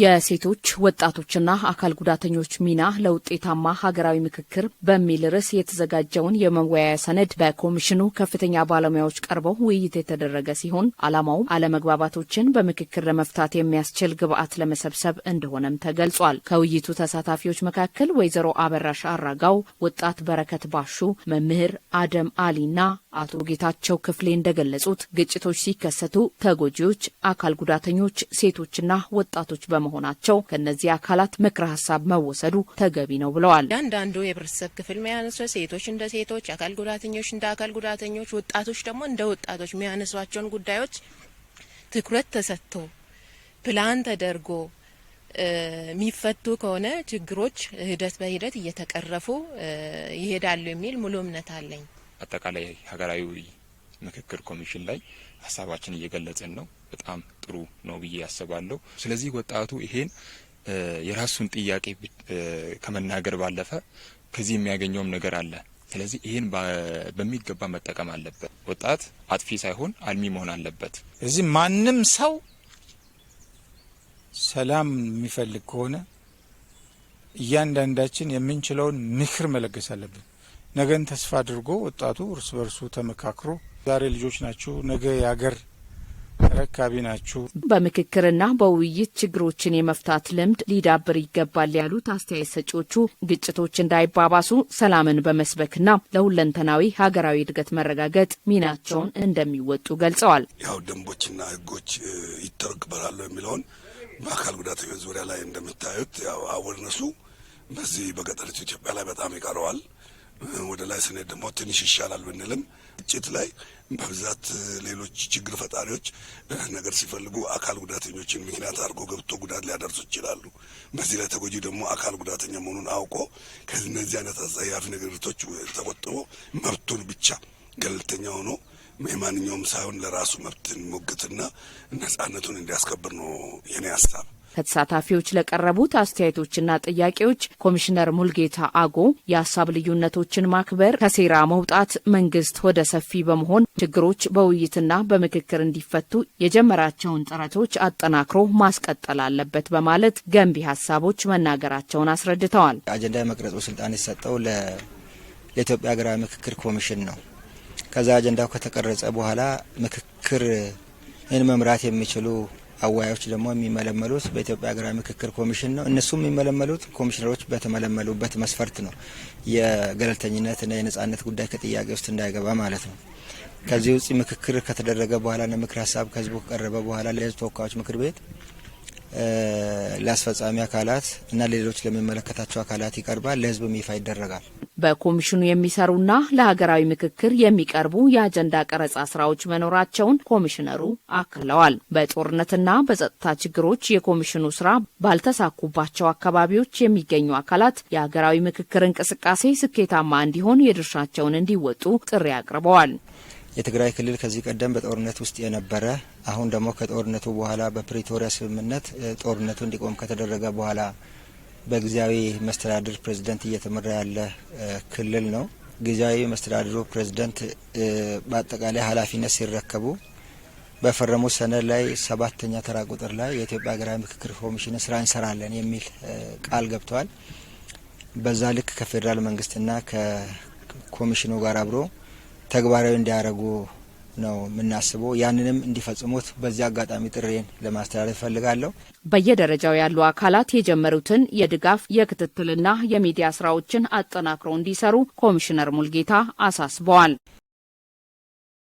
የሴቶች ወጣቶችና አካል ጉዳተኞች ሚና ለውጤታማ ሀገራዊ ምክክር በሚል ርዕስ የተዘጋጀውን የመወያያ ሰነድ በኮሚሽኑ ከፍተኛ ባለሙያዎች ቀርበው ውይይት የተደረገ ሲሆን ዓላማውም አለመግባባቶችን በምክክር ለመፍታት የሚያስችል ግብዓት ለመሰብሰብ እንደሆነም ተገልጿል። ከውይይቱ ተሳታፊዎች መካከል ወይዘሮ አበራሽ አራጋው፣ ወጣት በረከት ባሹ፣ መምህር አደም አሊና አቶ ጌታቸው ክፍሌ እንደገለጹት ግጭቶች ሲከሰቱ ተጎጂዎች አካል ጉዳተኞች፣ ሴቶችና ወጣቶች በመሆናቸው ከነዚህ አካላት ምክረ ሀሳብ መወሰዱ ተገቢ ነው ብለዋል። እያንዳንዱ የህብረተሰብ ክፍል ሚያነሱ ሴቶች እንደ ሴቶች፣ አካል ጉዳተኞች እንደ አካል ጉዳተኞች፣ ወጣቶች ደግሞ እንደ ወጣቶች የሚያነሷቸውን ጉዳዮች ትኩረት ተሰጥቶ ፕላን ተደርጎ የሚፈቱ ከሆነ ችግሮች ሂደት በሂደት እየተቀረፉ ይሄዳሉ የሚል ሙሉ እምነት አለኝ። አጠቃላይ ሀገራዊ ምክክር ኮሚሽን ላይ ሀሳባችን እየገለጽን ነው። በጣም ጥሩ ነው ብዬ ያስባለሁ። ስለዚህ ወጣቱ ይሄን የራሱን ጥያቄ ከመናገር ባለፈ ከዚህ የሚያገኘውም ነገር አለ። ስለዚህ ይህን በሚገባ መጠቀም አለበት። ወጣት አጥፊ ሳይሆን አልሚ መሆን አለበት። እዚህ ማንም ሰው ሰላም የሚፈልግ ከሆነ እያንዳንዳችን የምንችለውን ምክር መለገስ አለብን። ነገን ተስፋ አድርጎ ወጣቱ እርስ በርሱ ተመካክሮ ዛሬ ልጆች ናችሁ፣ ነገ የአገር ተረካቢ ናችሁ። በምክክርና በውይይት ችግሮችን የመፍታት ልምድ ሊዳብር ይገባል ያሉት አስተያየት ሰጪዎቹ ግጭቶች እንዳይባባሱ ሰላምን በመስበክና ለሁለንተናዊ ሀገራዊ እድገት መረጋገጥ ሚናቸውን እንደሚወጡ ገልጸዋል። ያው ደንቦችና ሕጎች ይተረግበራሉ የሚለውን በአካል ጉዳተኞች ዙሪያ ላይ እንደምታዩት ያው አወርነሱ በዚህ በገጠሪቱ ኢትዮጵያ ላይ በጣም ይቀረዋል። ወደ ላይ ስንሄድ ደግሞ ትንሽ ይሻላል ብንልም ግጭት ላይ በብዛት ሌሎች ችግር ፈጣሪዎች ነገር ሲፈልጉ አካል ጉዳተኞችን ምክንያት አድርጎ ገብቶ ጉዳት ሊያደርሱ ይችላሉ። በዚህ ላይ ተጎጂ ደግሞ አካል ጉዳተኛ መሆኑን አውቆ ከነዚህ አይነት አጸያፊ ነገሮች ተቆጥቦ መብቱን ብቻ ገለልተኛ ሆኖ የማንኛውም ሳይሆን ለራሱ መብትን ሞግትና ነጻነቱን እንዲያስከብር ነው የኔ ሀሳብ። ከተሳታፊዎች ለቀረቡት አስተያየቶችና ጥያቄዎች ኮሚሽነር ሙልጌታ አጎ የሀሳብ ልዩነቶችን ማክበር፣ ከሴራ መውጣት መንግስት ወደ ሰፊ በመሆን ችግሮች በውይይትና በምክክር እንዲፈቱ የጀመራቸውን ጥረቶች አጠናክሮ ማስቀጠል አለበት በማለት ገንቢ ሀሳቦች መናገራቸውን አስረድተዋል። አጀንዳ የመቅረጹ ስልጣን የሰጠው ለኢትዮጵያ ሀገራዊ ምክክር ኮሚሽን ነው። ከዛ አጀንዳው ከተቀረጸ በኋላ ምክክር ይህን መምራት የሚችሉ አወያዮች ደግሞ የሚመለመሉት በኢትዮጵያ ሀገራዊ ምክክር ኮሚሽን ነው። እነሱም የሚመለመሉት ኮሚሽነሮች በተመለመሉበት መስፈርት ነው። የገለልተኝነትና የነጻነት ጉዳይ ከጥያቄ ውስጥ እንዳይገባ ማለት ነው። ከዚህ ውጭ ምክክር ከተደረገ በኋላና ምክር ሀሳብ ከህዝቡ ከቀረበ በኋላ ለህዝብ ተወካዮች ምክር ቤት ለአስፈጻሚ አካላት እና ለሌሎች ለሚመለከታቸው አካላት ይቀርባል፣ ለህዝብም ይፋ ይደረጋል። በኮሚሽኑ የሚሰሩና ለሀገራዊ ምክክር የሚቀርቡ የአጀንዳ ቀረጻ ስራዎች መኖራቸውን ኮሚሽነሩ አክለዋል። በጦርነትና በጸጥታ ችግሮች የኮሚሽኑ ስራ ባልተሳኩባቸው አካባቢዎች የሚገኙ አካላት የሀገራዊ ምክክር እንቅስቃሴ ስኬታማ እንዲሆን የድርሻቸውን እንዲወጡ ጥሪ አቅርበዋል። የትግራይ ክልል ከዚህ ቀደም በጦርነት ውስጥ የነበረ አሁን ደግሞ ከጦርነቱ በኋላ በፕሪቶሪያ ስምምነት ጦርነቱ እንዲቆም ከተደረገ በኋላ በጊዜያዊ መስተዳድር ፕሬዝደንት እየተመራ ያለ ክልል ነው። ጊዜያዊ መስተዳድሩ ፕሬዝደንት በአጠቃላይ ኃላፊነት ሲረከቡ በፈረሙት ሰነድ ላይ ሰባተኛ ተራ ቁጥር ላይ የኢትዮጵያ ሀገራዊ ምክክር ኮሚሽን ስራ እንሰራለን የሚል ቃል ገብተዋል። በዛ ልክ ከፌዴራል መንግስትና ከኮሚሽኑ ጋር አብሮ ተግባራዊ እንዲያደርጉ ነው የምናስበው። ያንንም እንዲፈጽሙት በዚህ አጋጣሚ ጥሬን ለማስተላለፍ እፈልጋለሁ። በየደረጃው ያሉ አካላት የጀመሩትን የድጋፍ የክትትልና የሚዲያ ስራዎችን አጠናክረው እንዲሰሩ ኮሚሽነር ሙልጌታ አሳስበዋል።